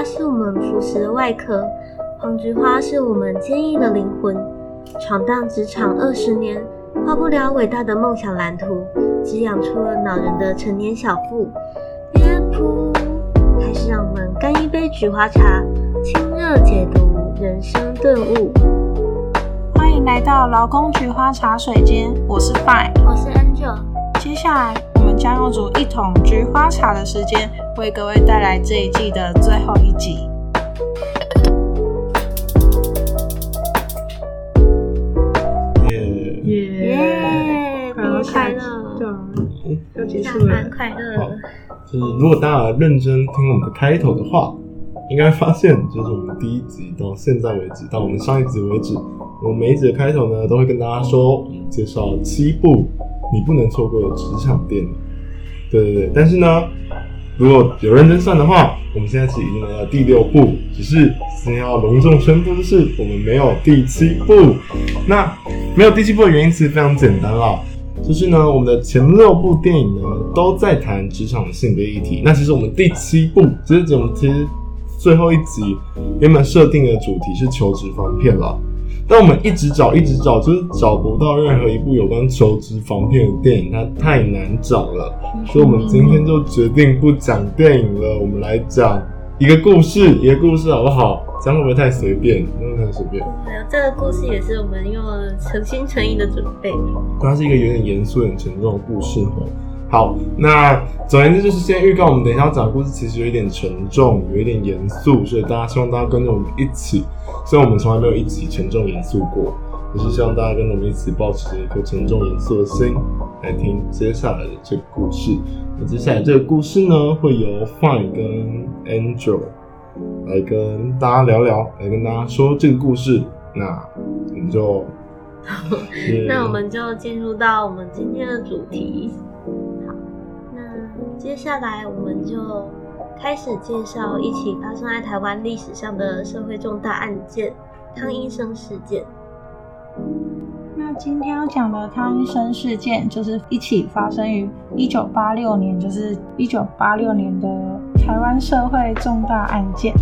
它是我們腐朽的外殼；黃菊花是我們堅毅的靈魂。闖蕩職場二十年，畫不了偉大的夢想藍圖，只養出了惱人的成年小腹。別哭，還是讓我們乾一杯菊花茶，清熱解毒，人生頓悟。歡迎來到勞工菊花茶水間，我是 Fine，我是 Angel，接下來。將用煮一桶菊花茶的時間，為各位帶來這一季的最後一集。耶 Yeah, Yeah,，耶快樂，對嗯、快啊，要結束了，蠻快樂的。就是如果大家認真聽我們的開頭的話，應該發現，就是我們第一集到現在為止，到我們上一集為止，我們每一集的開頭呢，都會跟大家說，介紹七部你不能錯過的職場電影。對對對，但是呢，如果有認真算的話，我們現在是已經來到第六部，只是先要隆重宣布，的是，我們沒有第七部。那沒有第七部的原因其實非常簡單了，就是呢，我們的前六部電影呢都在談職場的性別議題，那其實我們第七部其實、就是、我們其實最後一集原本設定的主題是求職防騙。了。但我們一直找，一直找，就是找不到任何一部有關求職防騙的電影，它太難找了。所以，我們今天就決定不講電影了，我們來講一個故事，一個故事好不好？這樣會不會太隨便？這樣會不會太隨便？沒、嗯、有，這個故事也是我們用誠心誠意的準備。它是一個有點嚴肅、很沉重的故事。好，那總而言之就是，先預告我們等一下要講故事，其實有一點沉重，有一點嚴肅，所以大家希望大家跟着我們一起。雖然我們從來沒有一起沉重嚴肅過，但是希望大家跟着我們一起抱持著一顆沉重嚴肅的心來聽接下來的這個故事。那接下來這個故事呢，會由幻跟 Angel 來跟大家聊聊，來跟大家說這個故事。那我們就， 那我們就進入到我們今天的主題。接下來我們就開始介紹一起發生在台灣歷史上的社會重大案件——湯英伸事件。那今天要講的湯英伸事件，就是一起發生於一九八六年，就是一九八六年的台灣社會重大案件。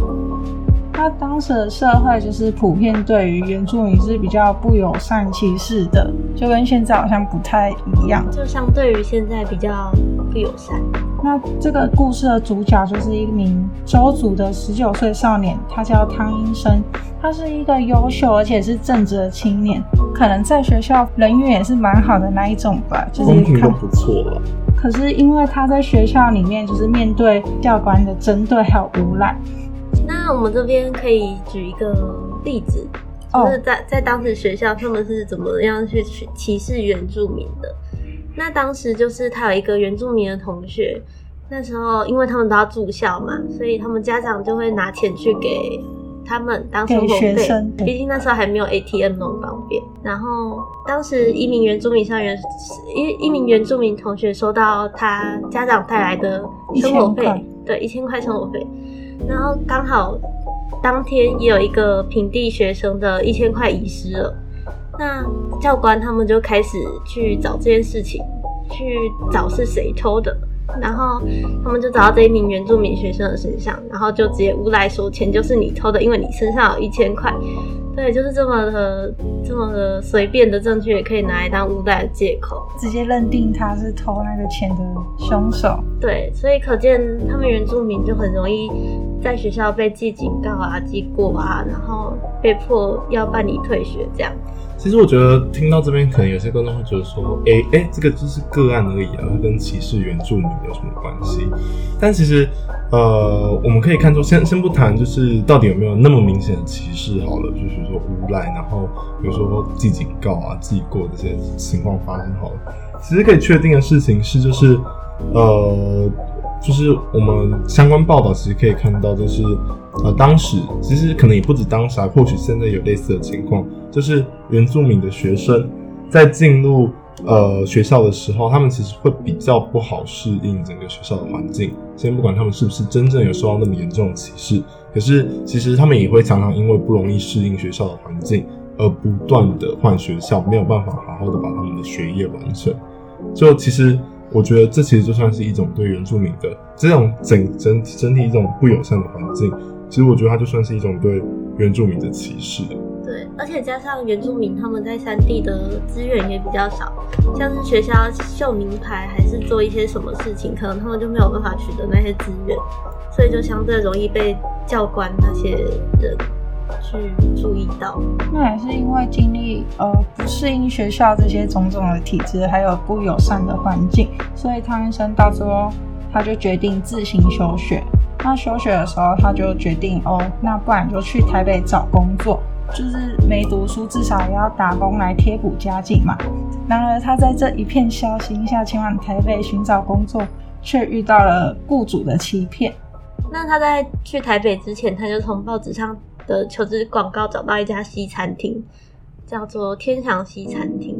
那當時的社會就是普遍對於原住民是比較不友善、歧視的，就跟現在好像不太一樣。就相對於現在比較、嗯。不友善。那這個故事的主角就是一名鄒族的十九歲少年，他叫湯英伸，他是一個優秀而且是正直的青年，可能在學校人緣也是蠻好的那一種吧，就是也看不錯了。可是因為他在學校裡面，就是面對教官的針對還有誣賴。那我們這邊可以舉一個例子，就是在，oh, 在當時學校他們是怎麼樣去歧視原住民的？那當時就是他有一個原住民的同學，那時候因為他們都要住校嘛，所以他們家長就會拿錢去給他們當生活費。畢竟那時候還沒有 ATM 那麼方便。然後當時一名原住民上原，一一名原住民同學收到他家長帶來的生活費，對，一千塊生活費。然後剛好當天也有一個平地學生的一千塊遺失了。那教官他們就開始去找這件事情，去找是誰偷的，然後他們就找到這一名原住民學生的身上，然後就直接誣賴說錢就是你偷的，因為你身上有一千塊，對，就是這麼的這麼的隨便的證據，也可以拿來當誣賴的借口，直接認定他是偷那個錢的凶手。對，所以可見他們原住民就很容易在學校被記警告啊、記過啊，然後被迫要辦理退學這樣。其實我覺得聽到這邊，可能有些觀眾會覺得說：“哎、欸、誒、欸、這個只是個案而已啊，跟歧視原住民有什麼關係？”但其實，呃，我們可以看出，先先不談就是到底有沒有那麼明顯的歧視好了，就是說誣賴，然後比如說記警告啊、記過這些情況發生好了。其實可以確定的事情是，就是呃，就是我們相關報道其實可以看到，就是呃，當時其實可能也不止當時、啊，或許現在有類似的情況。就是原住民的學生在進入呃學校的時候，他們其實會比較不好適應整個學校的環境。先不管他們是不是真正有受到那麼嚴重的歧視，可是其實他們也會常常因為不容易適應學校的環境而不斷的換學校，沒有辦法好好的把他們的學業完成。就其實我覺得這其實就算是一種對原住民的這種整整整體一種不友善的環境。其實我覺得它就算是一種對原住民的歧視。而且加上原住民，他們在山地的資源也比較少，像是學校秀名牌還是做一些什麼事情，可能他們就沒有辦法取得那些資源，所以就相對容易被教官那些人去注意到。那也是因為經歷呃不適應學校這些種種的體制，還有不友善的環境，所以湯英伸到時候他就決定自行休學。那休學的時候，他就決定哦，那不然就去台北找工作。就是沒讀書，至少也要打工來貼補家境嘛。然而，他在這一片消行下前往台北尋找工作，卻遇到了僱主的欺騙。那他在去台北之前，他就從報紙上的求職廣告找到一家西餐廳，叫做天祥西餐廳。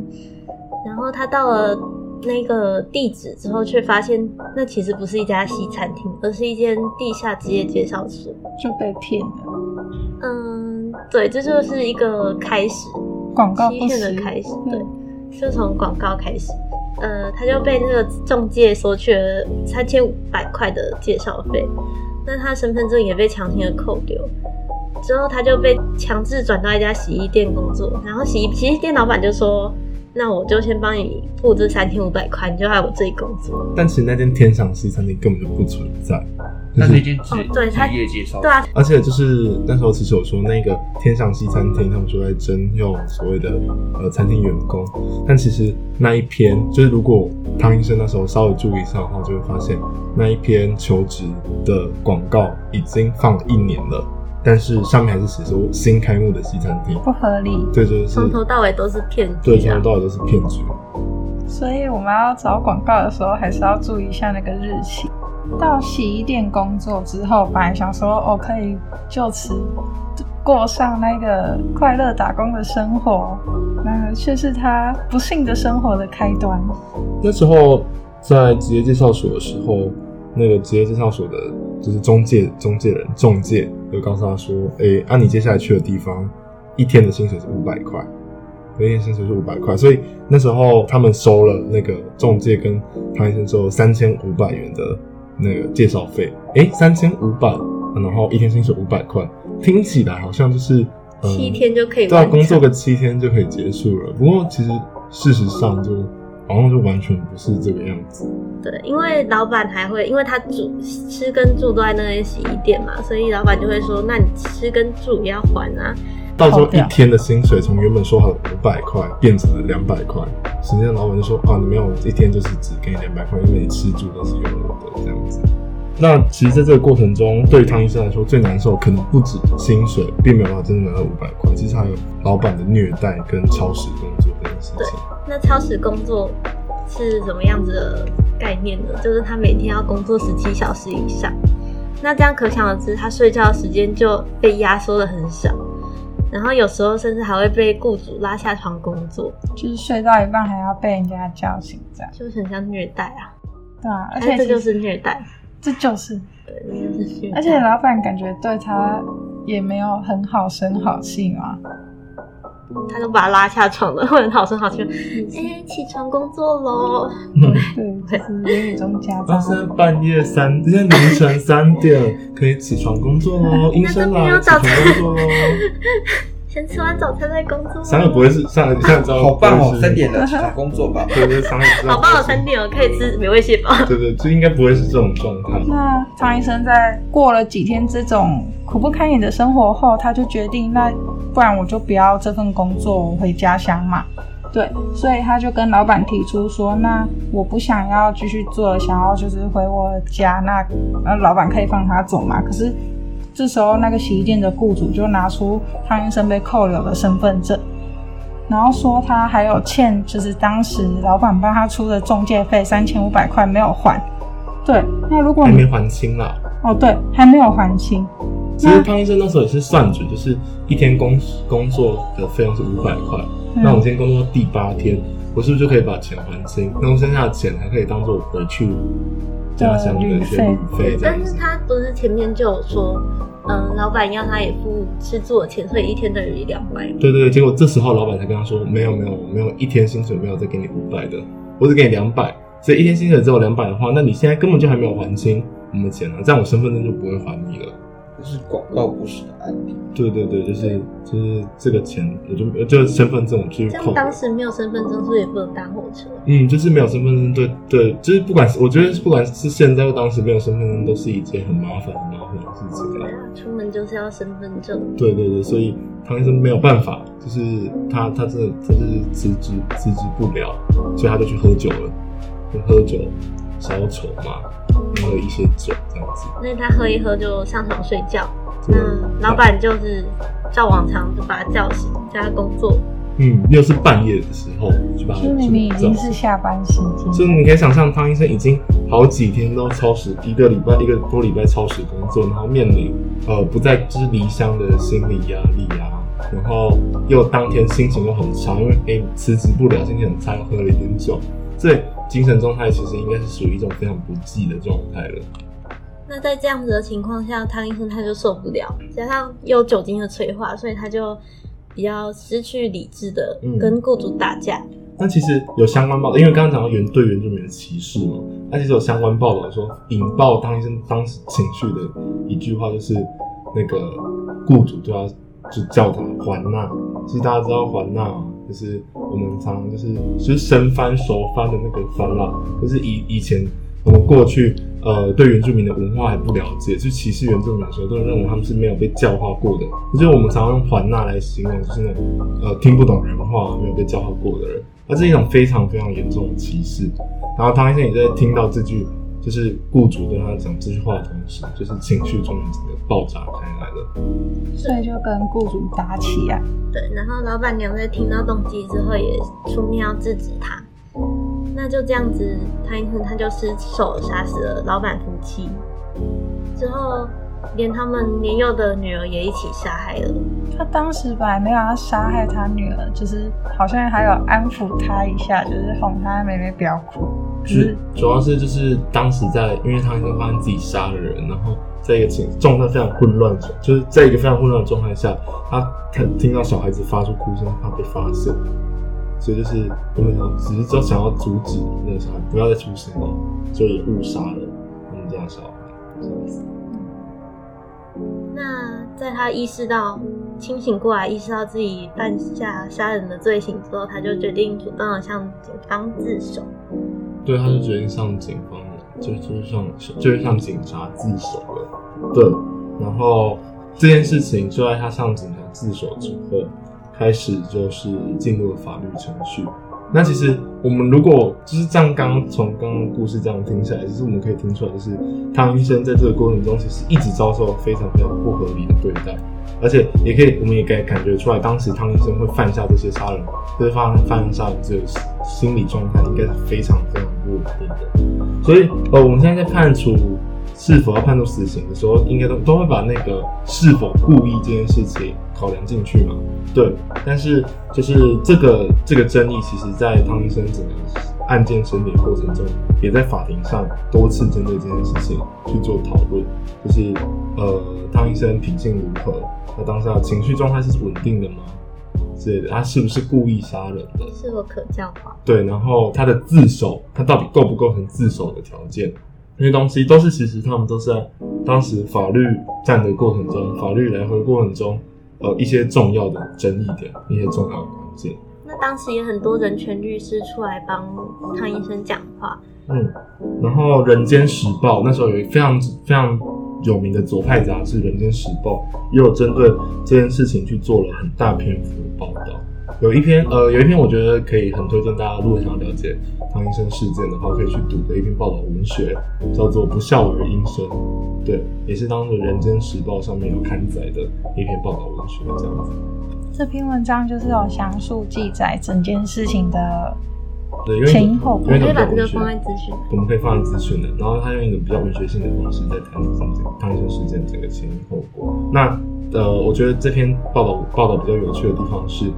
然後他到了那個地址之後，卻發現那其實不是一家西餐廳，而是一間地下職業介紹所，就被騙了。嗯、呃。對，這就是一個開始，廣告欺騙的開始。對，嗯，就從廣告開始。呃，他就被那個中介索取了三千五百塊的介紹費，那他身份證也被強行的扣掉，之後他就被強制轉到一家洗衣店工作。然後洗衣洗衣店老闆就說：“那我就先幫你付這三千五百塊，你就在我這裡工作。”但其實那間天上洗衣餐廳根本就不存在。就是、那已經、哦、他，業界上。對啊，而且就是那時候，其實我說那個天上西餐廳，他們說在徵用所謂的呃餐廳員工，但其實那一篇就是，如果湯英伸那時候稍微注意一下的話，就會發現那一篇求職的廣告已經放一年了，但是上面還是寫說新開幕的西餐廳，不合理。對，就是從頭到尾都是騙局、啊。對，從頭到尾都是騙局。所以我們要找廣告的時候，還是要注意一下那個日期。到洗衣店工作之後，本來想說我、哦、可以就此過上那個快樂打工的生活，然而卻是他不幸的生活的開端。那時候在職業介紹所的時候，那個職業介紹所的就是中介，中介人中介就告訴他說，哎、欸，按、啊、你接下來去的地方，一天的薪水是五百塊，一天薪水是五百塊，所以那時候他們收了那個中介跟湯英伸收三千五百元的。那個介紹費，哎，三千五百，然後一天薪水五百塊，聽起來好像就是，呃，七天就可以，對，工作個七天就可以結束了。不過其實事實上就，好像就完全不是這個樣子。對，因為老闆還會，因為他住吃跟住都在那個洗衣店嘛，所以老闆就會說，那你吃跟住也要還啊。到時候一天的薪水從原本說好的五百塊變成了兩百塊，實際上老闆就說啊，你沒有一天就是只給你兩百塊，因為你吃住都是用我的這樣子。那其實在這個過程中，對於湯英伸來說最難受可能不止薪水，並沒有辦法真的拿到五百塊，其實還有老闆的虐待跟超時工作這件事情對，那超時工作是什麼樣子的概念呢？就是他每天要工作十七小時以上，那這樣可想而知，他睡覺的時間就被壓縮的很少。然後有時候甚至還會被雇主拉下床工作，就是睡到一半還要被人家叫醒這樣，就是很像虐待啊！對啊，而且，而且這就是虐待，這就是對，嗯、是，而且老闆感覺對他也沒有很好聲好氣嘛。嗯、他就把他拉下床了，問好聲好氣說：“哎、嗯嗯欸，起床工作嘍、嗯嗯！”嗯，會，嚴冬家長半夜三、凌晨三點 可以起床工作嘍，對醫生來起床工作嘍。 先吃完早餐再工作。三也不會是三也像好棒哦，三點了，啊、工作吧。對 對，三也好棒哦，三點了，可以吃美味蟹堡。對,對對，這應該不會是這種狀況。那湯英伸在過了幾天這種苦不堪言的生活後，他就決定，那不然我就不要這份工作，我回家鄉嘛。對，所以他就跟老板提出說，那我不想要繼續做，想要就是回我家。那老板可以放他走嘛？可是。這時候，那個洗衣店的雇主就拿出湯英伸被扣留的身份證，然後說他還有欠，就是當時老板幫他出的中介費三千五百塊沒有還。對，那如果還沒還清了？哦，對，還沒有還清。其實湯英伸那時候也是算準，那就是一天工工作的費用是五百塊，嗯、那我今天工作第八天，我是不是就可以把錢還清？那我剩下的錢還可以當做回去。家鄉的學費，但是他不是前面就有說，嗯，老闆要他也付吃住的錢，所以一天等於兩百嗎？對對對，結果這時候老闆才跟他說，沒有沒有沒有，一天薪水沒有再給你五百的，我只給你兩百，所以一天薪水只有兩百的話，那你現在根本就還沒有還清我們的錢啊，這樣我身份證就不會還你了。就是廣告故事的案例。嗯、對對對，對就是就是這個錢，我就沒有，就是身份證我，我去偷。當時沒有身份證，所以也不能搭火車。嗯，就是沒有身份證，對對，就是不管是我覺得不管是現在或當時沒有身份證，嗯、都是一件很麻煩很麻煩的事情。對、嗯、啊，出門就是要身份證。對對對，所以湯英伸沒有辦法，就是他他真的他就是辭職辭職不了，所以他就去喝酒了，就喝酒消愁嘛。喝一些酒，這樣子。那他喝一喝就上床睡覺。對那老闆就是照往常就把他叫醒，叫他工作。嗯，又是半夜的時候就把他叫醒。就你們已經是下班時間，就是、嗯、你可以想象，湯英伸已經好幾天都超時，一個禮拜一個多禮拜超時工作，然後面臨呃不在支離鄉的心理壓力啊，然後又當天心情又很差，因為哎辭職不了，心情很差，又喝了一點酒。這精神狀態其實應該是屬於一種非常不濟的狀態了。那在這樣子的情況下，湯英伸他就受不了，加上又酒精的催化，所以他就比較失去理智的跟雇主打架。嗯、那其實有相關報道，因為剛剛講到原隊原住民歧視嘛，那其實有相關報道說引爆湯英伸當時情緒的一句話，就是那個雇主對他，就叫他還納。其實大家知道還納喔。就是我們常常就是就是生番熟番的那個番啦，就是以以前我們過去呃對原住民的文化還不了解，就歧視原住民的時候，都認為他們是沒有被教化過的。就是我們常，常用“環納”來形容，就是那種呃聽不懂人話、沒有被教化過的人，而這是一種非常非常嚴重的歧視。然後湯英伸也在聽到這句。就是僱主對他講這句話的同時，就是情緒中整個爆炸開來了，所以就跟僱主打起來啊。對，然後老闆娘在聽到動機之後，也出面要制止他。那就這樣子，他一次他就失手殺死了老闆夫妻之後，連他們年幼的女兒也一起殺害了。嗯、他當時本來沒有要殺害他女兒，就是好像還有安撫他一下，就是哄他妹妹不要哭。就是、嗯、主要是就是當時在，因為他已經發現自己殺了人，然後在一個情狀態非常混亂，就是在一個非常混亂的狀態下，他聽聽到小孩子發出哭聲，怕被發現，所以就是根本想只是想想要阻止那個小孩不要再出聲，所以誤殺了他們家小孩。他意識到清醒過來，意識到自己犯下殺人的罪行之後，他就決定主動的向警方自首。對，他就決定向警方，嗯就，就是就是向就是向警察自首了。對，然後這件事情就在他向警察自首之後，開始就是進入了法律程序。那其實我們如果就是像剛剛從剛剛的故事這樣聽下來，其實我們可以聽出來，就是湯英伸在這個過程中其實一直遭受非常非常不合理的對待，而且也可以，我們也感感覺出來，當時湯英伸會犯下這些殺人，這方犯下這個心理狀態應該是非常非常不穩定的。所以，呃，我們現在在判處是否要判處死刑的時候，應該都都會把那個是否故意這件事情考量進去嘛？對，但是就是這個這個爭議，其實在湯英伸整個案件審理過程中，也在法庭上多次針對這件事情去做討論，就是呃，湯英伸品性如何，他當下情緒狀態是穩定的嗎？之類的，他是不是故意殺人的？是否可教化？對，然後他的自首，他到底構不構成自首的條件？那些東西都是，其實他們都是在、啊、當時法律戰的過程中，法律來回過程中，呃，一些重要的爭議點，一些重要的關鍵。那當時也很多人權律師出來幫湯英伸講話。嗯，然後《人間時報》那時候有一非常非常有名的左派雜誌《人間時報》，也有針對這件事情去做了很大篇幅的報道。有一篇，呃，有一篇我覺得可以很推薦大家，如果想要了解湯英伸事件的話，可以去讀的一篇報道文學，叫做《不孝兒英伸》，對，也是當時《人間時報》上面有刊載的一篇報道文學，這樣子。這篇文章就是有詳述記載整件事情的前因後果，我們可以放在資訊，我們可以放在資訊，我們可以放在資訊的。然後他用一個比較文學性的方式在談這個湯英伸事件整個前因後果。那，呃，我覺得這篇報道報道比較有趣的地方是。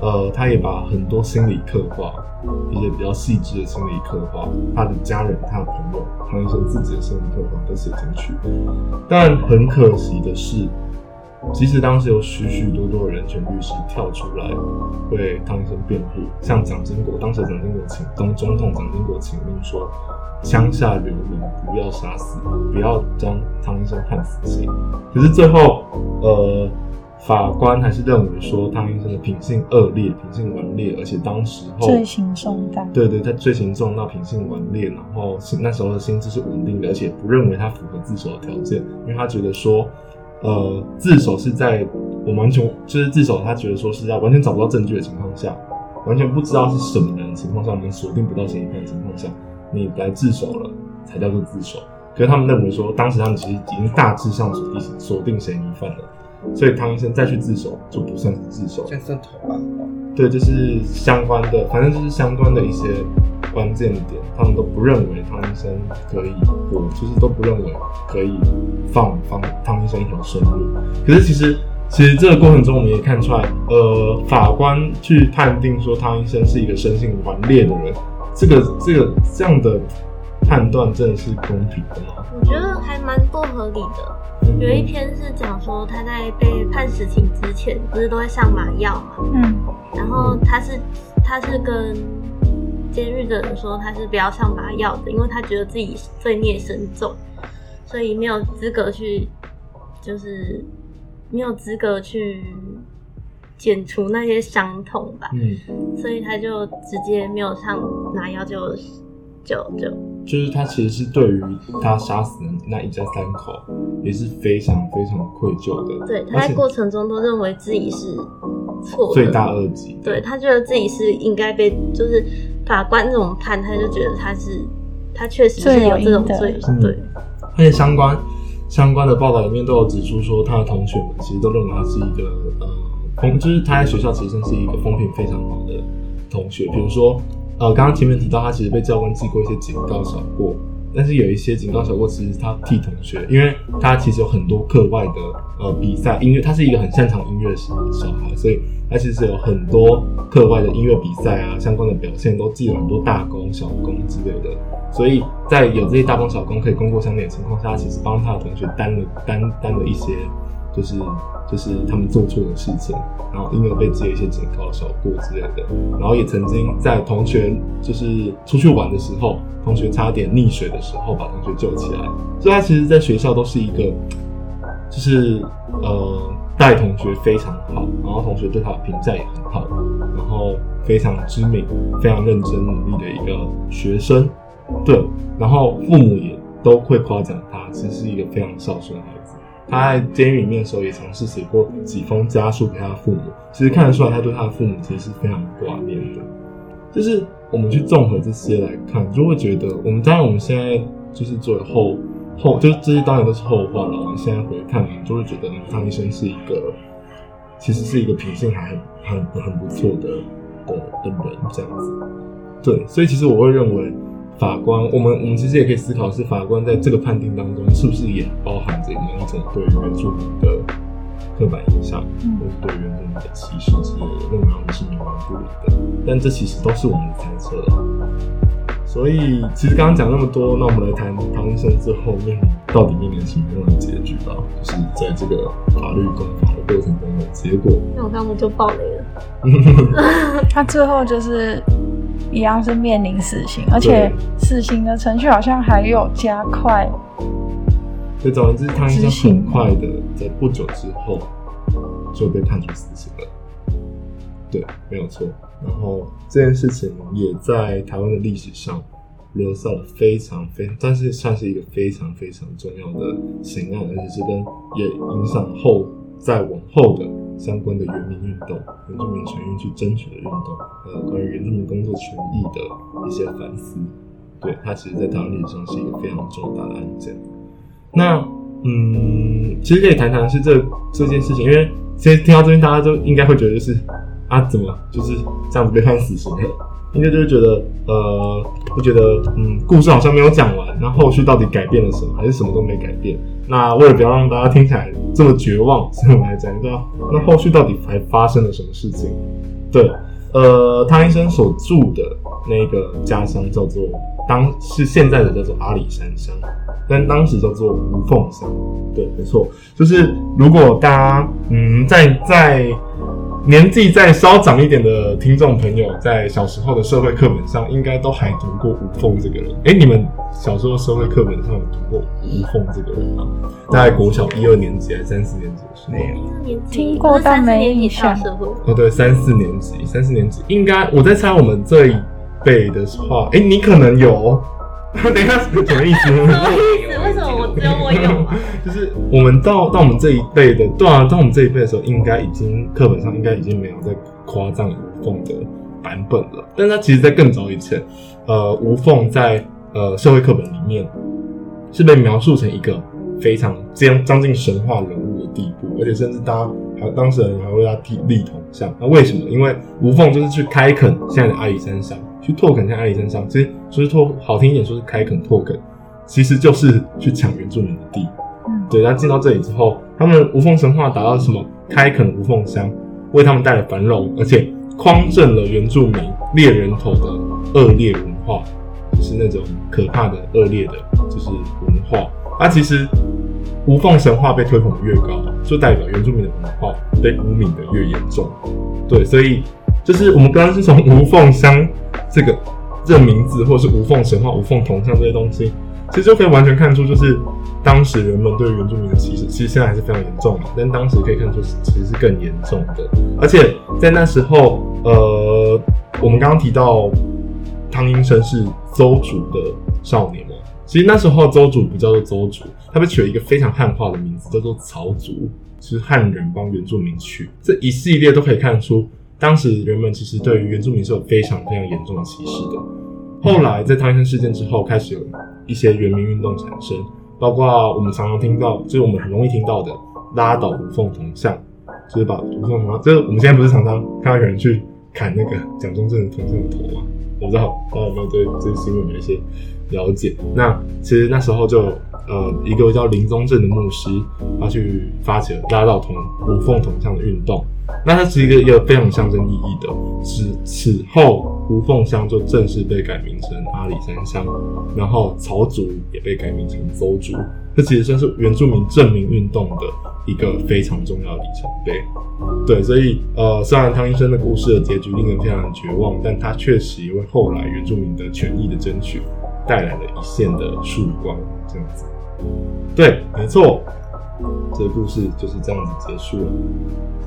呃，他也把很多心理刻畫，一些比較細緻的心理刻畫，他的家人、他的朋友，湯英伸自己的心理刻畫都寫進去。但很可惜的是，即使當時有許許多多的人權律師跳出來為湯英伸辯護，向蔣經國，當時蔣經國請總統蔣經國請命說，槍下留人，不要殺死，不要將湯英伸判死刑。可是最後，呃。法官還是認為說，湯英伸的品性惡劣，品性頑劣，而且當時候罪行重大。對對，他罪行重大，品性頑劣，然後那時候的心智是穩定的，而且不認為他符合自首的條件，因為他覺得說，呃，自首是在我們完全就是自首，他覺得說是在完全找不到證據的情況下，完全不知道是什麼人的情況下，你鎖定不到嫌疑犯的情況下，你來自首了才叫做自首。可是他們認為說，當時他們其實已經大致上鎖定鎖定嫌疑犯了。所以湯英伸再去自首就不算是自首，像這算偷吧？對，這，就是相關的，反正就是相關的一些關鍵點，他們都不認為湯英伸可以過，我就是都不認為可以放放湯英伸一條生路。可是其實，其實這個過程中我們也看出來，呃，法官去判定說湯英伸是一個生性頑劣的人，這個這個這樣的判斷真的是公平的嗎？我覺得還蠻不合理的。有一篇是講說他在被判死刑之前，不，就是都在上麻藥嘛？嗯，然後他是，他是跟監獄的人說他是不要上麻藥的，因為他覺得自己罪孽深重，所以沒有資格去，就是沒有資格去剪除那些傷痛吧。嗯，所以他就直接沒有上麻藥就就就。就就就是他其實是對於他殺死的那一家三口也是非常非常愧疚的。對，他在過程中都認為自己是錯的，罪大惡極。對，他覺得自己是應該被就是法官這種判，他就覺得他是他確實是有這種罪。對、嗯，而且相關相關的報道裡面都有指出說，他的同學們其實都認為他是一個呃，風就是他在學校其實是一個風評非常好的同學，比如說。呃，剛剛前面提到，他其實被教官記過一些警告小過，但是有一些警告小過，其實他替同學，因為他其實有很多課外的呃比賽音樂，他是一個很擅長音樂的小孩，所以他其實有很多課外的音樂比賽啊相關的表現，都記了很多大功小功之類的，所以在有這些大功小功可以功過相抵的情況下，他其實幫他的同學擔了擔擔了一些，就是就是他們做錯的事情，然後因為被記一些警告、小過之類的。然後也曾經在同學就是出去玩的時候，同學差點溺水的時候，把同學救起來。所以他其實，在學校都是一個，就是呃，待同學非常好，然後同學對他的評價也很好，然後非常知名、非常認真努力的一個學生。對，然後父母也都會誇獎他，其實是一個非常孝順的孩他在監獄裡面的時候，也嘗試寫過幾封家書給他的父母。其實看得出來，他對他的父母其實是非常掛念的。就是我們去綜合這些來看，就會覺得我們當然我們現在就是作為後後，就，就是這些當然都是後話了。我們現在回看，就會覺得湯英伸是一個，其實是一個品性還很很很不錯的的的、哦、人這樣子。對，所以其實我會認為。法官，我們我們其實也可以思考，是法官在這個判定當中，是不是也包含着某種對於原住民的刻板印象，嗯、或對是對於原住民的歧視，是那種是冥頑不靈的？但這其實都是我們的猜測了。所以，其實剛剛講那麼多，那我們來談湯英伸之後面、嗯、到底面臨什麼樣的結局吧，就是在這個法律攻防的過程中的結果。那我當我就暴雷了。 他最後就是。一樣是面臨死刑，對而且死刑的程序好像還有加快，對，總之他應該很快的，在不久之後就被判處死刑了。對，沒有錯。然後這件事情也在台灣的歷史上留下了非常非，但是算是一個非常非常重要的刑案，而且這邊也影響後，在往後的。相關的原民運動、原住民全運去爭取的運動，呃，關於原住民工作權益的一些反思，對，他其實在台灣歷史上是一個非常重大的案件。那嗯，其實可以談談是這這件事情，因為其實聽到這邊大家都應該會覺得就是啊，怎麼就是這樣被判死刑了？應該就是覺得，呃，就覺得，嗯，故事好像沒有講完，那後續到底改變了什麼，還是什麼都沒改變？那為了不要讓大家聽起來這麼絕望，所以我們來講一個，那後續到底還發生了什麼事情？對，呃，湯英伸所住的那個家鄉叫做當是現在的叫做阿里山鄉，但當時叫做吳鳳鄉。對，沒錯，就是如果大家，嗯，在在。年紀再稍長一點的聽眾朋友，在小時候的社會課本上，應該都還讀過吳鳳這個人。哎、欸，你們小時候社會課本上有讀過吳鳳這個人嗎？大概國小一二年級還是三四年級的時候，聽過沒有？三四年以下哦，對，三四年級，三四年級應該我在猜，我們這一輩的話，哎、欸，你可能有？ 等一下，什麼意思？人我有、啊、 就是我們到到我們這一輩的，對啊，到我們這一輩的時候，應該已經課本上應該已經沒有在誇張吳鳳的版本了。但它其實在更早以前，呃，吳鳳在呃社會課本裡面是被描述成一個非常將將近神話人物的地步，而且甚至大家還有當時的人還會為他立立銅像。那為什麼？因為吳鳳就是去開墾現在的阿里山上，去拓墾現在的阿里山上，其實就是拓好聽一點說是開墾拓墾。其實就是去搶原住民的地，對。那進到這裡之後，他們吳鳳神話達到什麼？開墾吳鳳鄉，為他們帶來繁榮，而且匡正了原住民獵人頭的惡劣文化，就是那種可怕的惡劣的，就是文化。那、啊、其實吳鳳神話被推廣越高，就代表原住民的文化被污名的越嚴重。對，所以就是我們剛剛是從吳鳳鄉這個這個、名字，或者是吳鳳神話、吳鳳銅像這些東西。其實就可以完全看出，就是當時人們對原住民的歧視，其實現在還是非常嚴重的。但當時可以看出，其實是更嚴重的。而且在那時候，呃，我們剛剛提到湯英伸是鄒族的少年嘛，其實那時候鄒族不叫做鄒族，他們取了一個非常漢化的名字，叫做曹族，是漢人幫原住民取。這一系列都可以看出，當時人們其實對於原住民是有非常非常嚴重的歧視的。後來在湯英伸事件之後，開始有。一些原民運動產生，包括我們常常聽到，就是我們很容易聽到的“拉倒吳鳳銅像”，就是把吳鳳銅像，就是我們現在不是常常看到有人去砍那個蔣中正的銅像的頭嗎？我不知道大家有沒有對這些新聞有一些了解。那其實那時候就呃，一個叫林宗正的牧師，他去發起了拉倒銅吳鳳銅像的運動。那它是一個一個非常象徵意義的，此此後，吳鳳鄉就正式被改名成阿里山鄉，然後曹族也被改名成鄒族。這其實算是原住民正名運動的一個非常重要的里程碑。對，所以呃，雖然湯英伸的故事的結局令人非常絕望，但他確實為後來原住民的權益的爭取帶來了一線的曙光，這樣子。對，沒錯。這個故事就是這樣結束了。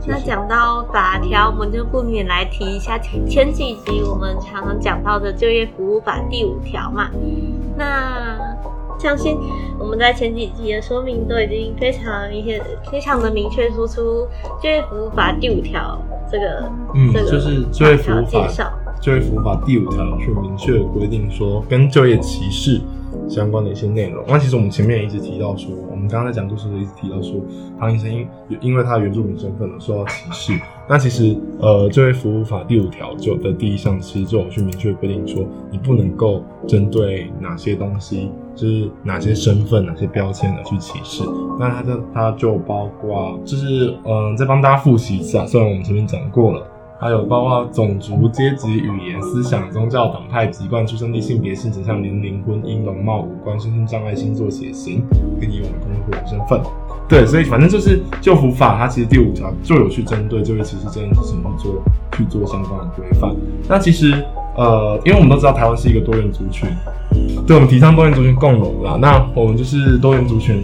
就是、那講到法條，我們就不免來提一下前幾集我們常常講到的就業服務法第五條嘛。那相信我們在前幾集的說明都已經非常明確，非常的明確說出就業服務法第五條這個、嗯、這個就是就業服務法介紹，就業服務法第五條是明確規定說跟就業歧視。相關的一些內容，那其實我們前面也一直提到說，我們剛剛在講故事的時候一直提到說，湯英伸因因為他原住民身份了受到歧視。那其實，呃，就業服務法第五條就的第一項其實就有去明確規定說，你不能夠針對哪些東西，就是哪些身份、哪些標籤來去歧視。那它就它就包括，就是嗯、呃，再幫大家複習一下、啊，雖然我們前面講過了。還有包括種族、階級、語言、思想、宗教、黨派、籍貫、出生地、性別、性取向、年齡、婚姻、容貌、五官、身心障礙、星座、血型，跟以往的工作、身份。對，所以反正就是《就服法》它其實第五條就有去針對這一其實真的就是針對什麼做去做相關的規範。那其實呃，因為我們都知道台灣是一個多元族群，對我們提倡多元族群共榮啦，那我們就是多元族群，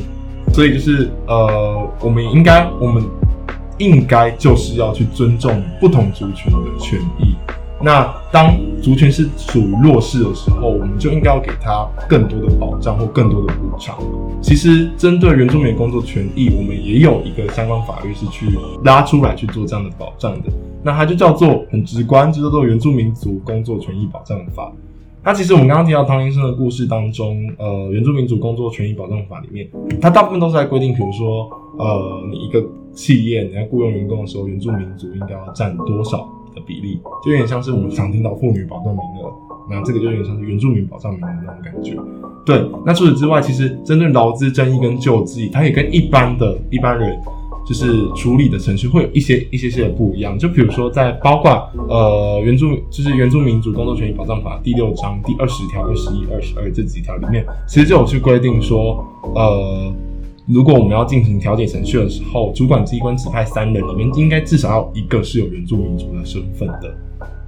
所以就是呃，我們應該我們。應該就是要去尊重不同族群的權益。那當族群是屬於弱勢的時候，我們就應該要給他更多的保障或更多的補償。其實，針對原住民工作權益，我們也有一個相關法律是去拉出來去做這樣的保障的。那它就叫做很直觀，就叫做《原住民族工作權益保障法》。那其實我們剛剛提到湯英伸的故事當中，呃，原住民族工作權益保障法裡面，它大部分都是在規定，比如說，呃，你一個。企業，人家雇傭員工的時候，原住民族應該要占多少的比例？就有點像是我們常聽到婦女保障名額，那這個就有點像是原住民保障名額那種感覺。對，那除此之外，其實針對勞資爭議跟救濟，它也跟一般的一般人就是處理的程序會有一些一些些的不一樣。嗯、就比如說，在包括呃原住就是原住民族工作權益保障法第六章第二十條、二十一、二十二這幾條裡面，其實就有去規定說，呃。如果我們要進行調解程序的時候，主管機關只派三人，裡面，應該至少要一個是有原住民族的身份的。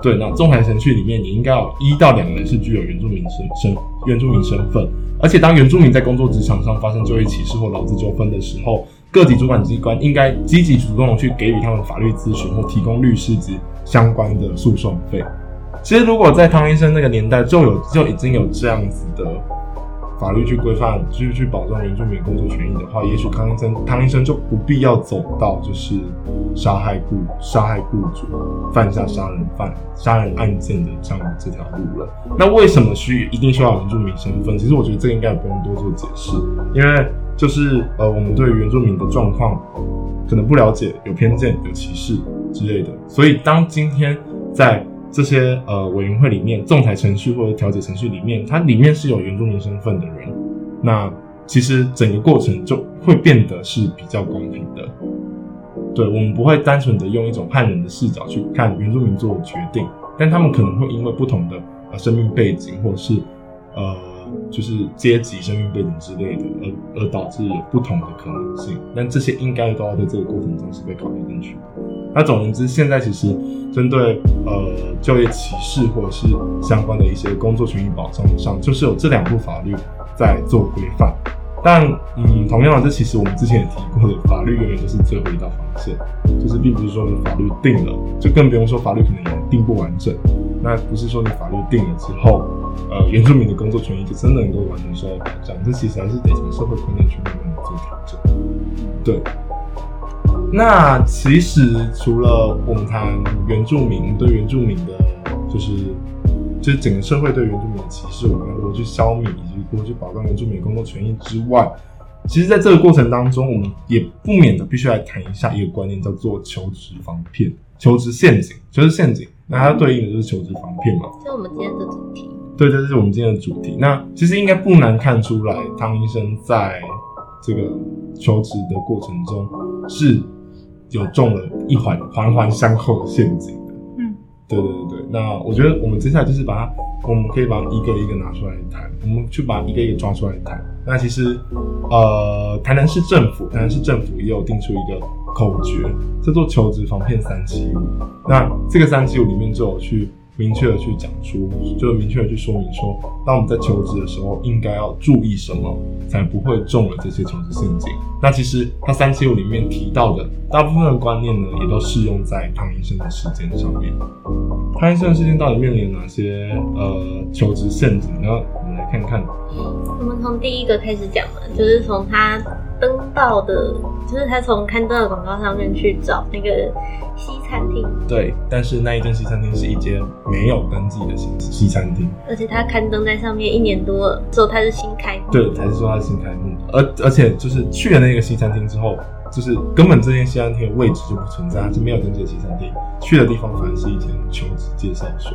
對，那仲裁程序裡面，你應該有一到兩人是具有原住民身身，原住民身份。而且當原住民在工作職場上發生就業歧視或勞資糾紛的時候，各級主管機關應該積極主動去給予他們法律諮詢或提供律師及相關的訴訟費。其實，如果在湯英伸那個年代就有就已經有這樣子的法律去規範，去去保障原住民工作權益的話，也許湯英伸，湯英伸就不必要走到就是殺害雇殺害雇主、犯下殺人犯殺人案件的這樣的這條路了。那為什麼需要一定需要原住民身份？其實我覺得這應該也不用多做解釋，因為就是呃，我們對原住民的狀況可能不了解、有偏見、有歧視之類的。所以當今天在。這些呃委員會裡面，仲裁程序或者調解程序裡面，它裡面是有原住民身份的人，那其實整個過程就會變得是比較公平的。對，我們不會單純的用一種漢人的視角去看原住民做的決定，但他們可能會因為不同的，呃，生命背景或者是呃。就是階級、生命背景之類的，而而導致有不同的可能性。但這些應該都要在這個過程中是被考慮進去的。那總而言之，現在其實針對呃就業歧視或者是相關的一些工作權益保障上，就是有這兩部法律在做規範。但嗯，同樣的這其實我們之前也提過的，法律永遠都是最後一道防線，就是並不是說你法律定了，就更不用說法律可能也定不完整。那不是說你法律定了之後。呃，原住民的工作權益就真的能夠完全受到保障？這其實還是得從社會觀念去慢慢的做調整。對。那其實除了我們談原住民對原住民的，就是就是整個社會對原住民的歧視，我們如何去消滅，以及如何去保障原住民的工作權益之外，其實在這個過程當中，我們也不免的必須來談一下一個觀念，叫做求職防騙、求職陷阱、求職陷阱。那它對應的就是求職防騙嘛？像我們今天的主題。對，這就是我們今天的主題。那其實應該不難看出來，湯英伸在這個求職的過程中是有中了一環環環相扣的陷阱。嗯，對對對。那我覺得我們接下來就是把它，我們可以把它一個一個拿出來談，我們去把一個一個抓出來談。那其實，呃，台南市政府，台南市政府也有定出一個口訣，叫做求職防騙七三五。那這個七三五裡面就有去。明確的去講出，就明確的去說明說，當我們在求職的時候，應該要注意什麼，才不會中了這些求職陷阱。那其實他三七五裡面提到的大部分的觀念呢，也都適用在湯英伸的事件上面。湯英伸的事件到底面臨哪些呃求職陷阱呢？我們來看看。我們從第一個開始講嘛，就是從他登報的。就是他從刊登的廣告上面去找那個西餐廳，對，但是那一間西餐廳是一間沒有登記的西西餐廳，而且他刊登在上面一年多了，之後他是新開的，對，才是說他是新開幕，而而且就是去了那個西餐廳之後，就是根本這間西餐廳的位置就不存在，是沒有登記的西餐廳，去的地方反而是一間求職介紹所。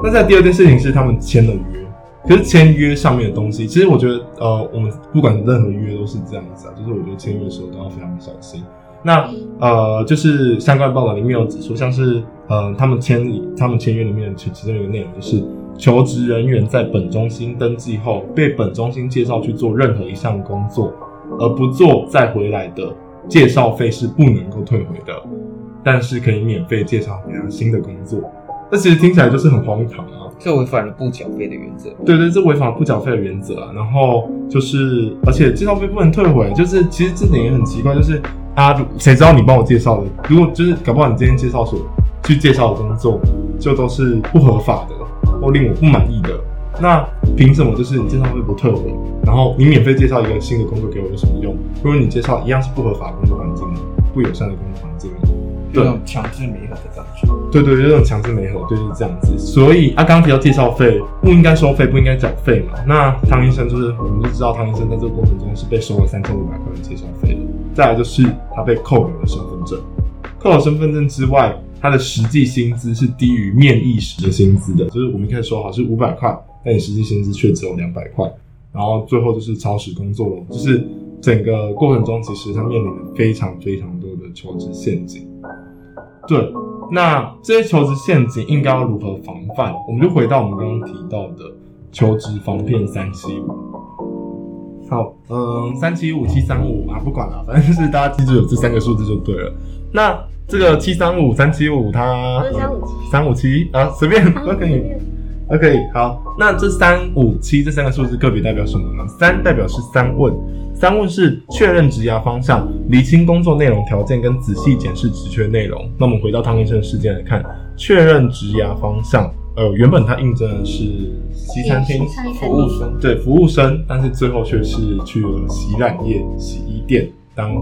那在第二件事情是他們簽了約。可是簽約上面的東西，其實我覺得，呃，我們不管任何約都是這樣子啊，就是我覺得簽約的時候都要非常的小心。那呃，就是相關報道裡面有指出，像是呃，他們簽他們簽約裡面其其中一個內容就是，求職人員在本中心登記後，被本中心介紹去做任何一項工作，而不做再回來的介紹費是不能夠退回的，但是可以免費介紹給他新的工作。那其實聽起來就是很荒唐啊。這違反了不繳費的原則。對，對對，這違反了不繳費的原則啊。然後就是，而且介紹費不能退回，就是其實這點也很奇怪，就是大家誰知道你幫我介紹的？如果就是搞不好你今天介紹所去介紹的工作就都是不合法的或令我不滿意的，那憑什麼就是你介紹費不退回？然後你免費介紹一個新的工作給我有什麼用？如果你介紹一樣是不合法的工作環境，不友善的工作環境。對強制媒合的感覺，對對，有這種強制媒合，就是這樣子。所以阿、啊、剛剛提到介紹費，不應該收費，不應該繳費嘛。那湯英伸就是我們都知道，湯英伸在這個過程中是被收了三千五百塊的介紹費的。再來就是他被扣留了身份證，扣了身份證之外，他的實際薪資是低於面議時的薪資的。就是我們一開始說好是五百塊，但你實際薪資卻只有兩百塊。然後最後就是超時工作了，就是整個過程中其實他面臨了非常非常多的求職陷阱。對，那這些求職陷阱應該要如何防範？我們就回到我們剛剛提到的求職防騙三七五。好，嗯，三七五七三五啊，不管了、啊，反正就是大家記住有這三個數字就對了。那這個七三五三七五，它三五七三五七啊，隨便都可以，都可以。好，那這三五七這三個數字，個別代表什麼呢？三代表是三問。三問是確認職涯方向、釐清工作內容條件跟仔細檢視職缺內容。那我們回到湯英伸事件來看，確認職涯方向，呃，原本他應徵的是西餐廳服務生，對，服務生，但是最後卻是去了洗染業洗衣店當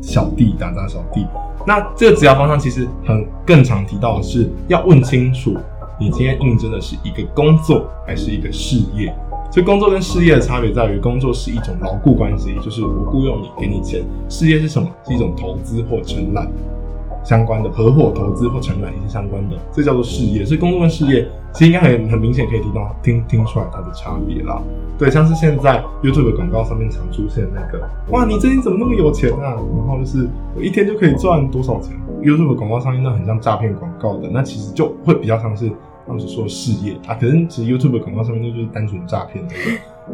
小弟，打雜小弟。那這個職涯方向其實很更常提到的是要問清楚，你今天應徵的是一個工作還是一個事業？所以，工作跟事業的差別在於，工作是一種勞雇關係，就是我雇傭你，給你錢；事業是什麼？是一種投資或承攬相關的，合夥投資或承攬一些相關的，這叫做事業。所以工作跟事業其實應該很很明顯，可以聽到聽聽出來它的差別啦。對，像是現在 YouTube 的廣告上面常出現那個，哇，你最近怎麼那麼有錢啊？然後就是我一天就可以賺多少錢？YouTube 的廣告上面都很像詐騙廣告的，那其實就會比較像是。當時說事業啊，可能其實 YouTube 廣告上面就就是單純詐騙。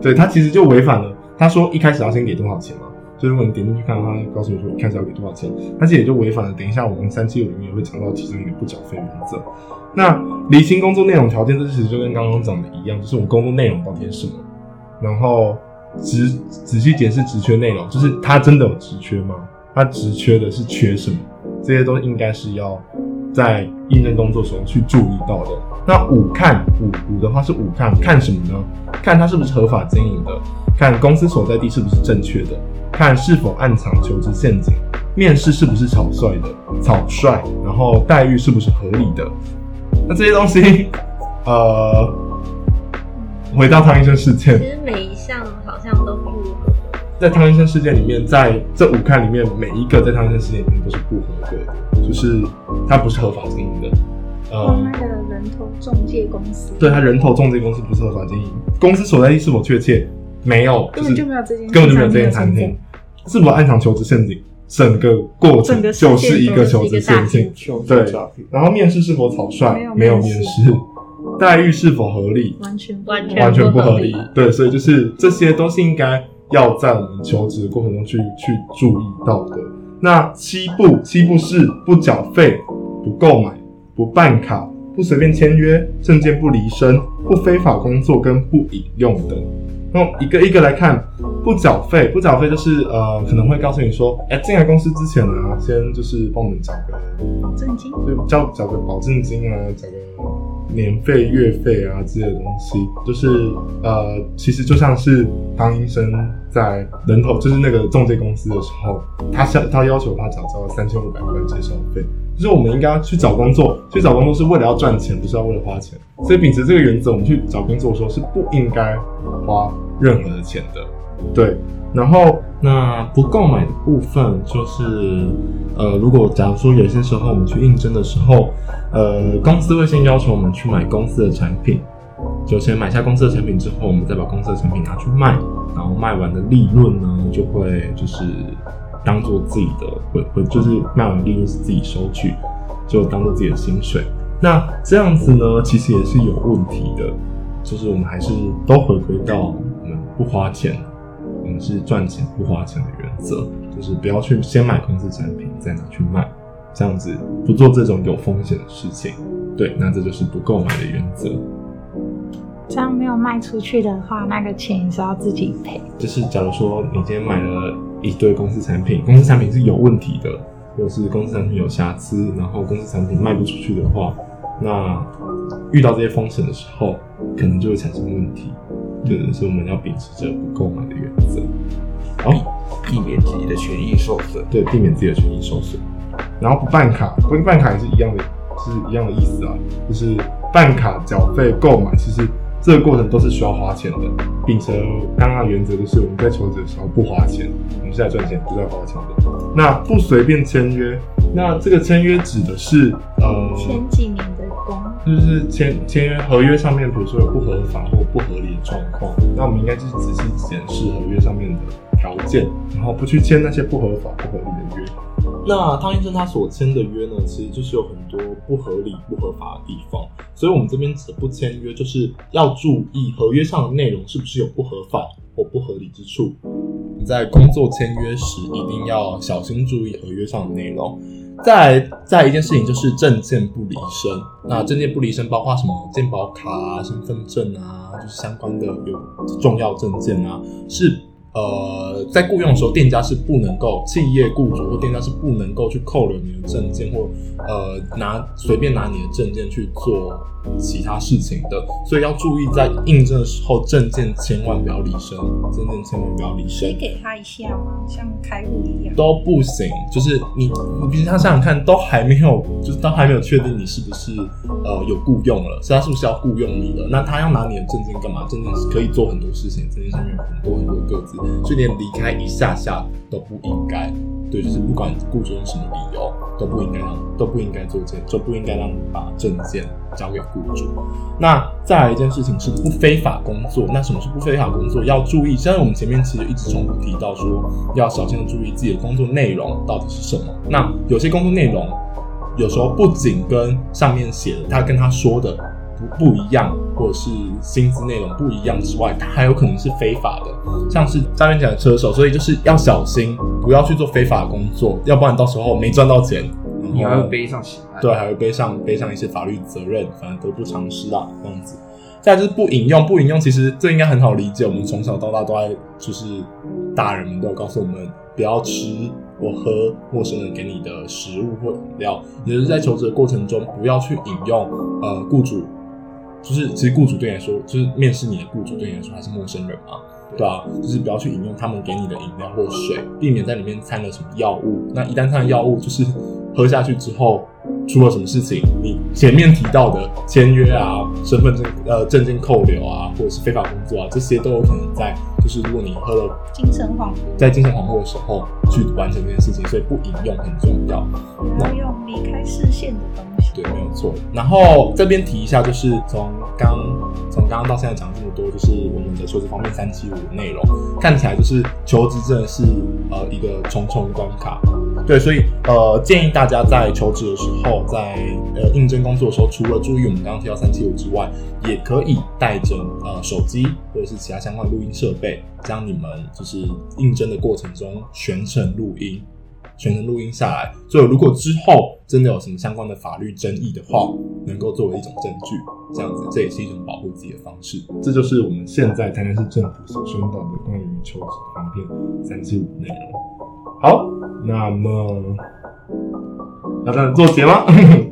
對，他其實就違反了。他說一開始要先給多少錢嘛？所以如果你點進去看，他告訴你說我開始要給多少錢，他其實也就違反了。等一下我們七三五裡面也會講到其中一個不繳費原則。那理清工作內容條件，這其實就跟剛剛講的一樣，就是我們工作內容到底是什麼，然後仔仔細解釋職缺內容，就是他真的有職缺嗎？他職缺的是缺什麼？這些都應該是要在應徵工作時候去注意到的。那五看五五的話是五看看什麼呢？看它是不是合法經營的，看公司所在地是不是正確的，看是否暗藏求職陷阱，面試是不是草率的、草率，然後待遇是不是合理的。那這些東西，呃，回到湯英伸事件，其實每一項好像都不合。在湯英伸事件裡面，在這五看裡面，每一個在湯英伸事件裡面都是不合格，就是他不是合法經營的。販賣的人頭仲介公司，對，他人頭仲介公司不是合法經營。公司所在地是否確切？沒有，根本就沒有這些根本就沒有這間餐廳。是否暗藏求職陷阱？整個過程就是一個求職陷阱。對，然後面試是否草率？沒有面試。待遇是否合理？完全完全不合理。對，所以就是這些都是應該要在我們求職過程中去去注意到的。那七不七不是不繳費，不購買。不辦卡，不隨便簽約，證件不離身，不非法工作跟不飲用的。那一個一個來看，不繳費，不繳費就是呃可能會告訴你說，哎，進來公司之前呢、啊，先就是幫我們繳個保證金，對，交繳，繳個保證金啊，繳個年費、月費啊這些東西，就是呃其實就像是湯英伸在人頭就是那個中介公司的時候，他他要求他繳交三千五百塊介紹費。就是我們應該去找工作，去找工作是為了要賺錢，不是要為了花錢。所以秉持這個原則，我們去找工作的時候是不應該花任何的錢的。對。然後那不購買的部分就是，呃，如果假如說有些時候我們去應徵的時候，呃，公司會先要求我們去買公司的產品，就先買下公司的產品之後，我們再把公司的產品拿去賣，然後賣完的利潤呢就會就是。當做自己的，會會就是賣完利潤是自己收取，就當做自己的薪水。那這樣子呢，其實也是有問題的。就是我們還是都回歸到我們不花錢，我們是賺錢不花錢的原則，就是不要去先買公司產品再拿去賣，這樣子不做這種有風險的事情。對，那這就是不購買的原則。這樣沒有賣出去的話，那個錢也是要自己賠。就是假如說你今天買了。一堆公司產品，公司產品是有問題的，或是公司產品有瑕疵，然後公司產品賣不出去的話，那遇到這些風險的時候，可能就會產生問題。所以、嗯、我們要秉持着不購買的原則，然後避免自己的權益受損。對，避免自己的權益受損。然後不辦卡，不辦卡也是一樣的，是一樣的意思啊，就是辦卡繳費購買，其實。這個過程都是需要花錢的。秉承剛剛的原則，就是我們在求職的時候不花錢，我們是在賺錢，不在花錢的。那不隨便簽約。那這個簽約指的是呃，前幾年的工，就是簽簽約合約上面比如說有不合法或不合理的狀況，那我們應該就是仔細檢視合約上面的條件，然後不去簽那些不合法、不合理的約。那湯英伸他所簽的約呢，其實就是有很多不合理、不合法的地方，所以我們這邊不不簽約，就是要注意合約上的內容是不是有不合法或不合理之處。你在工作簽約時，一定要小心注意合約上的內容。再來再來一件事情就是證件不離身。那證件不離身包括什麼？健保卡啊、身份證啊，就是相關的有重要證件啊，是。呃，在雇傭的時候，店家是不能夠，企業雇主或店家是不能夠去扣留你的證件或呃拿隨便拿你的證件去做其他事情的，所以要注意在印證的時候，證件千萬不要離身，證件千萬不要離身。可以給他一下嗎？像開路一樣都不行。就是你，你平常想想看，都還沒有，就是都還沒有確定你是不是呃有雇傭了，所以他是不是要雇傭你了？那他要拿你的證件幹嘛？證件是可以做很多事情，證件上面有很多很多個資。所以，就連離開一下下都不應該，對，就是不管雇主用什麼理由，都不應該讓，都不應該做這，就不應該讓你把證件交給雇主。那再來一件事情是不非法工作。那什麼是不非法工作？要注意，像我們前面其實一直重複提到說，要小心的注意自己的工作內容到底是什麼。那有些工作內容，有時候不僅跟上面寫的他跟他說的不不一樣。或者是薪資內容不一樣之外，它還有可能是非法的，像是上面講的車手，所以就是要小心，不要去做非法的工作，要不然到時候沒賺到錢，然後你還會背上，對，還會背上背上一些法律責任，反正得不償失啊，這、嗯、樣子。再來就是不飲用，不飲用，其實這應該很好理解，我們從小到大都愛，就是大人們都有告訴我們，不要吃或喝陌生人給你的食物或飲料，也就是在求職的過程中不要去飲用，呃，雇主。就是其實雇主對你來說，就是面試你的雇主對你來說還是陌生人嘛。對啊，就是不要去飲用他們給你的飲料或水，避免在裡面摻了什麼藥物。那一旦摻了藥物，就是喝下去之後出了什麼事情，你前面提到的簽約啊、身份證、呃、證件扣留啊，或者是非法工作啊，這些都有可能在就是如果你喝了精神恍惚，在精神恍惚的時候去完成這件事情，所以不飲用很重要。不要用離開視線的方法。對，沒有錯。然後這邊提一下，就是從剛從剛剛到現在講這麼多，就是我們的求職方面三七五的內容，看起來就是求職真的是呃一個重重關卡。對，所以呃建議大家在求職的時候，在呃應徵工作的時候，除了注意我們剛剛提到三七五之外，也可以帶着呃手機或者是其他相關錄音設備，將你們就是應徵的過程中全程錄音。全程錄音下來，所以如果之後真的有什麼相關的法律爭議的話，能夠作為一種證據，這樣子，這也是一種保護自己的方式。這就是我們現在台南市政府所宣導的關於求、求職防騙三七五內容。好，那麼要開始做結嗎、？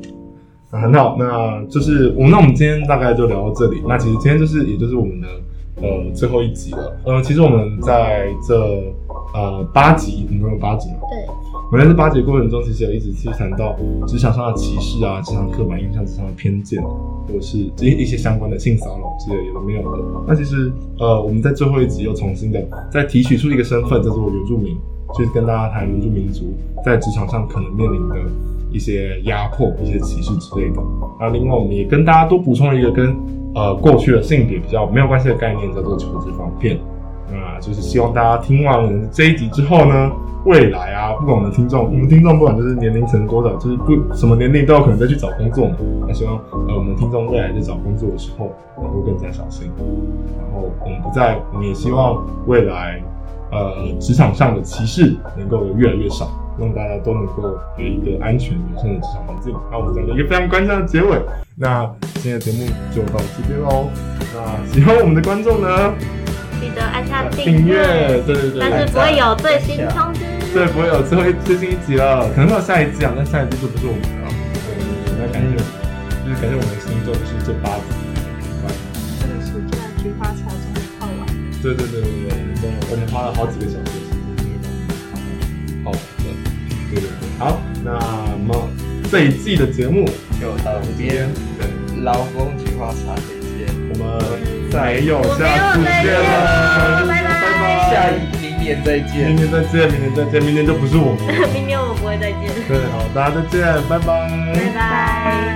啊？很好，那就是我們那我們今天大概就聊到這裡。那其實今天就是也就是我們的呃最後一集了。嗯、呃，其實我們在這呃八集，你們有、有八集嗎？對。我們在八集過程中，其實有一直去談到職場上的歧視啊，職場刻板印象、職場的偏見，或者是這一些相關的性騷擾之類的，也都沒有的。那其實，呃，我們在最後一集又重新的再提取出一個身份，叫做原住民，去跟大家談原住民族在職場上可能面臨的一些壓迫、一些歧視之類的。那另外，我們也跟大家多補充了一個跟呃過去的性別比較沒有關係的概念，叫做求職防騙那、嗯、就是希望大家聽完這一集之後呢，未來啊，不管我們聽眾，我們聽眾不管就是年齡層多少，就是不什麼年齡都有可能再去找工作嘛。那希望呃我們聽眾未來在找工作的時候能夠更加小心。然後我們不在，我們也希望未來呃職場上的歧視能夠越來越少，讓大家都能夠有一個安全、友善的職場環境。那我們講一個非常關鍵的結尾，那今天的節目就到這邊嘍。那喜歡我們的觀眾呢？記得按下訂閱、啊，對對對，但是不會有最新通知。對，不會有最後一最新一集了，可能到下一集啊，那下一集就不是、啊啊啊、我們了。嗯、啊，那感覺就是感覺我們的星座就是這八集的。這個手機菊花茶終於泡了。對對對對對，我已經、啊啊啊、花了好幾個小時的時間，泡的。好的，對對。好，好，對對對，好，那麼這一季的節目就到這邊。對老，老公菊花茶。我們再有，下次見啦！拜拜，下拜拜！明年再見，明年再見，明年再見，明年就不是我們， 明年我們不會再見。對，好，大家再見，拜拜，拜拜。